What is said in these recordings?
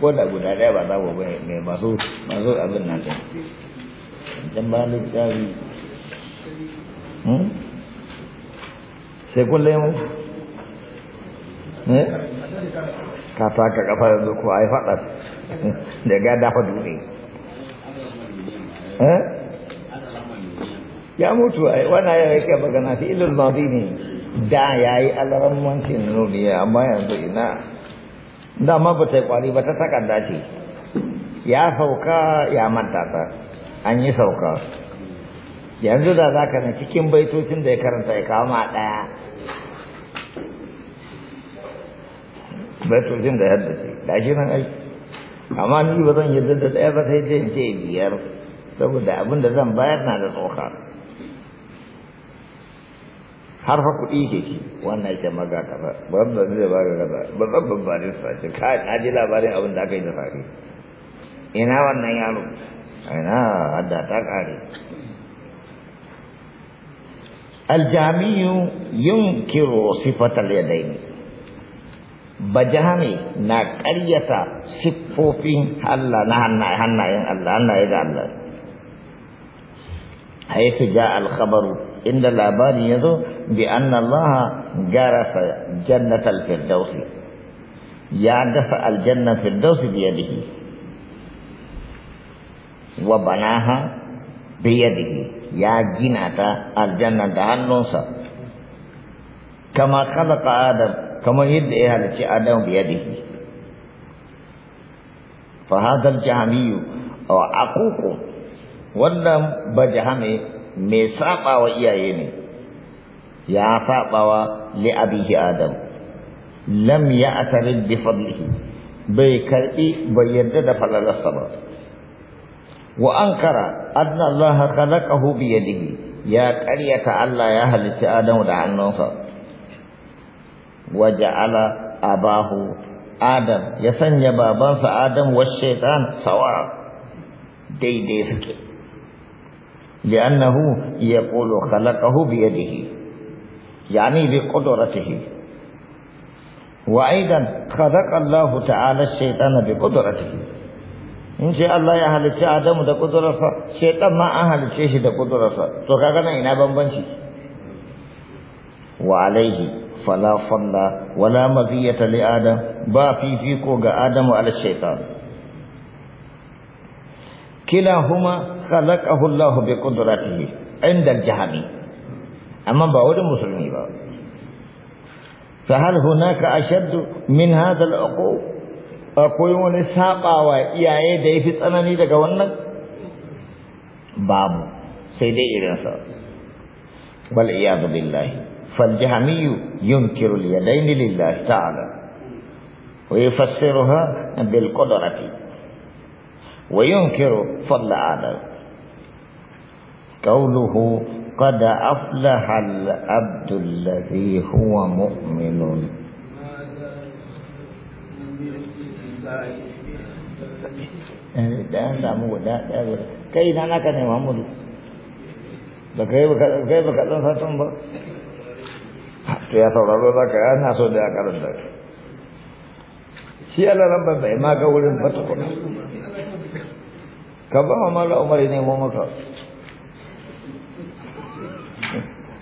ko da guda ɗaya ba za mu bai mai masu masu abin nan ɗin dan ba ni tsari hmm? sai kun lemu ne eh? ka ta ka kafa yanzu ko ai fada da ga da fadu ne eh ya mutu ai wannan ya yake magana fi ilal madini da yayi alaran mancin nuriya amma yanzu ina dama ba ta yi kwari ba ta takarda ce ya sauka ya manta ta an yi sauka yanzu da za ka na cikin baitocin da ya karanta ya kawo ma ɗaya baitocin da yadda ce da shi nan aiki amma ni ba zan yadda da ɗaya ba sai dai in ce biyar saboda abin da zan bayar na da tsoka har fa kuɗi ke shi wannan ita maga kaza babban zai ba kaza babban ba ne sa ce kai na ji labarin abin da aka yi da ina wannan yaro ina hadda ta kare aljamiyu yunkiru sifatal yadaini bajami na ƙaryata siffofin Allah na hannayen Allah hannaye da Allah haifu ja alkhabaru inda labari ya zo Bi annallaha, ya dasa aljannan Fiddausi. Ya dafa aljannan Fiddausi biyar da hii. Wa bana ha, biyar Ya gina ta aljannan da hannun sa. Kama kala fa'adar, kama yadda ya halarci Adam biyar da hii. Fa ha gal jihamiyu a wa a Wannan baje me saɓa iyaye ne. يا فاطوى لأبيه آدم لم يأترد بفضله بيكرئي بيدد فلل الصبر وأنكر أن الله خلقه بيده يا كرية الله يا أهل آدم دع النصر وجعل أباه آدم يسن بابا آدم والشيطان سواء دي دي سكي. لأنه يقول خلقه بيده يعني بقدرته وأيضا خلق الله تعالى الشيطان بقدرته إن شاء الله أهل آدم ده قدرة شيطان ما أهل شيء ده قدرة تقاقنا إنا بمبنشي وعليه فلا فضل ولا مذية لآدم با في فيكو آدم على الشيطان كلاهما خلقه الله بقدرته عند الجهنم أما بعود مسلمي بعود فهل هناك أشد من هذا الأقو أقوون ساقا وإياء إيه دي في الثناني تقولنا باب سيدي إبن سعد والعياذ بالله فالجهمي ينكر اليدين لله تعالى ويفسرها بالقدرة وينكر فضل آدم قوله قد أفلح العبد الذي هو مؤمن كيف كيف كيف كيف كيف كيف كيف كيف كيف كيف كيف كيف كيف كيف كيف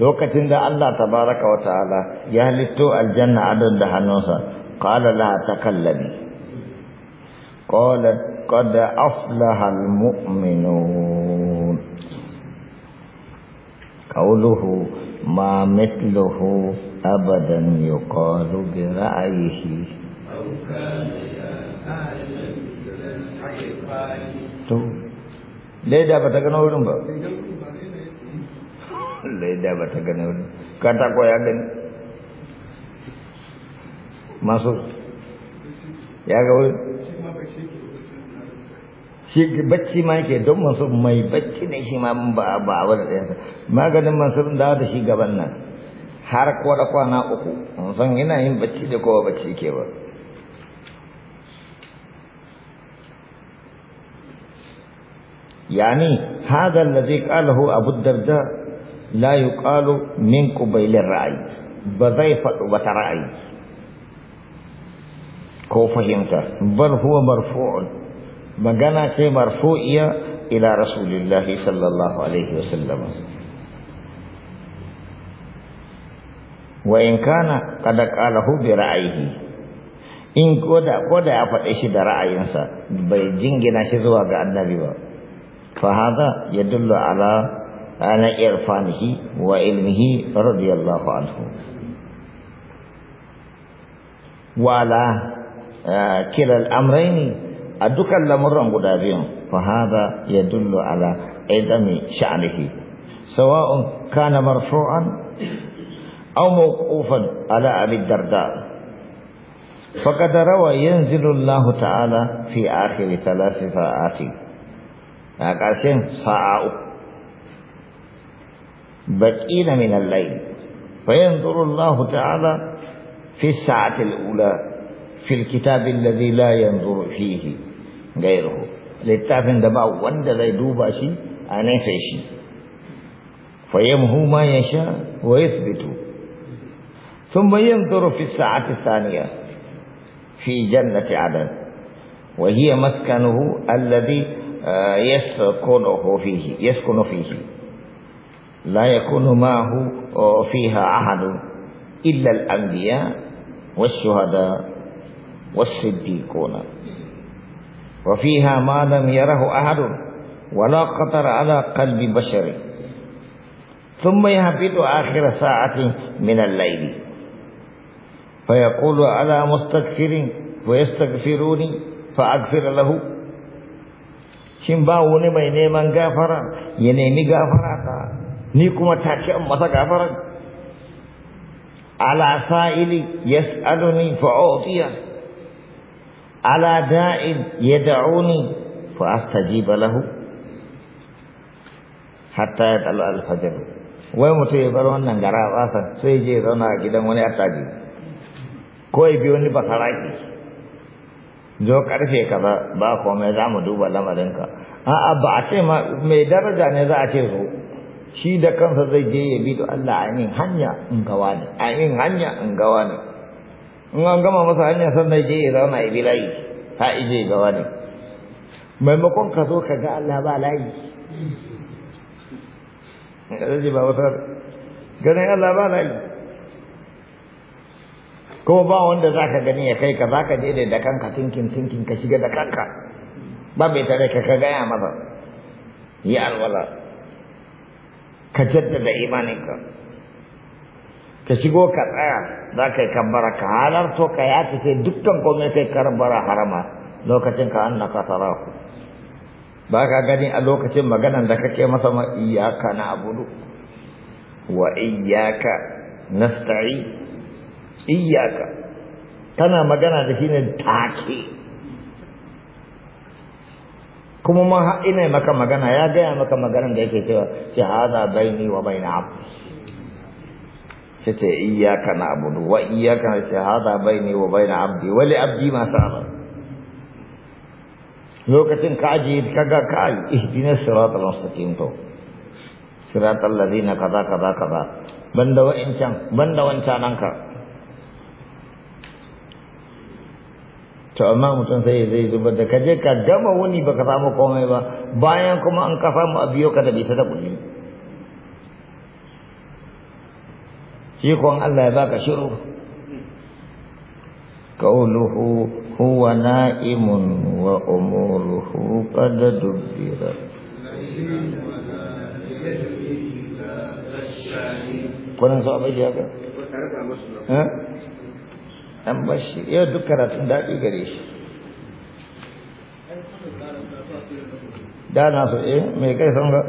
lokacin da Allah tabaraka wa ta'ala ya halitto aljanna adon da hannunsa qala la takallami qala qad aflaha almu'minun qawluhu ma mithluhu abadan yuqalu bi ra'yihi to leda bata gano wurin ba da ba ta gane wani katako ya gani masu ya ga wani shi bacci ma yake don masu mai bacci ne shi ma ba a wadda ɗayansa maganin masu da da shi gaban nan har kwada da kwana uku san yana yin bacci da kowa bacci ke ba yani hadha alladhi qalahu abu darda la yuqalu min qubailir ra'ayi ba zai faɗo wata ra'ayi ko fahimta bal huwa marfu'un magana ce marfu'iya ila rasulillah sallallahu alaihi wa wasallam wa in kana qad qalahu bi ra'ayi. in koda koda ya faɗe shi da ra'ayinsa bai jingina shi zuwa ga annabi ba fa hada yadullu ala على إرفانه وعلمه رضي الله عنه وعلى آه، كلا الأمرين أدوك اللمران قدابين فهذا يدل على عدم شأنه سواء كان مرفوعا أو موقوفا على أبي الدرداء فقد روى ينزل الله تعالى في آخر ثلاث ساعات يعني أكاسين ساعة بدئين من الليل فينظر الله تعالى في الساعة الأولى في الكتاب الذي لا ينظر فيه غيره لتعفن دبا وند ذي أنا في شيء فيمهو ما يشاء ويثبت ثم ينظر في الساعة الثانية في جنة عدن وهي مسكنه الذي آه، يسكنه فيه يسكن فيه لا يكون معه فيها أحد إلا الأنبياء والشهداء والصديقون وفيها ما لم يره أحد ولا قطر على قلب بشر ثم يهبط آخر ساعة من الليل فيقول على مستكفر ويستغفروني فأغفر له شنباوني ما wani غافر neman gafara ni kuma take in masa gafaran ala sa'ili yas'aluni utiya ala da'in yad'uni fa astajib lahu hatta yad'al al-fajr wai mutu ya bar wannan gara basan sai je zauna a gidan wani attaji ko ya bi wani bakaraki zo karfe ka ba komai za mu duba lamarinka a'a ba a ce mai daraja ne za a ce zo shi da kansa zai je ya bi da Allah amin hanya in gawa ne amin hanya in gawa ne in an gama masa hanya sannan je ya zauna ya bi layi ta ije gawa ne maimakon ka zo ka ga Allah ba layi zai ba wata ganin Allah ba layi kuma ba wanda za ka gani ya kai ka za ka je da kanka tinkin tinkin ka shiga da kanka ba mai tare ka ka gaya masa yi alwala ka jaddada imaninka ka shigo ka tsaya za ka yi kambara ka halarto ka ce sai dukkan komai kai karbara harama lokacin ka annaka ku ba ka gani a lokacin maganan da kake masa ma iyaka na abudu wa iyaka nasta'i iyaka tana magana da shi ne take kuma ma har ina maka magana ya gaya maka maganar da yake cewa shi haza baini wa baini abdi ce ce iyyaka abudu wa iyyaka shi haza baini wa baini abdi wa li abdi ma sa'a lokacin ka aje kaga kai ihdinas siratal mustaqim to siratal ladina kaza kaza kaza banda wa'incan banda wancananka to amma mutum sai zai zubar da kaje ka gama wuni baka samu komai ba bayan kuma an kafa mu a biyo ka da ta da kulli shi kon Allah ya baka shiru qawluhu huwa na'imun wa umuruhu qad dubbira kuna so abin ya ga? an ba shi yau duk karatun daɗi gare shi da na so eh mai kai son ga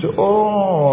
su oh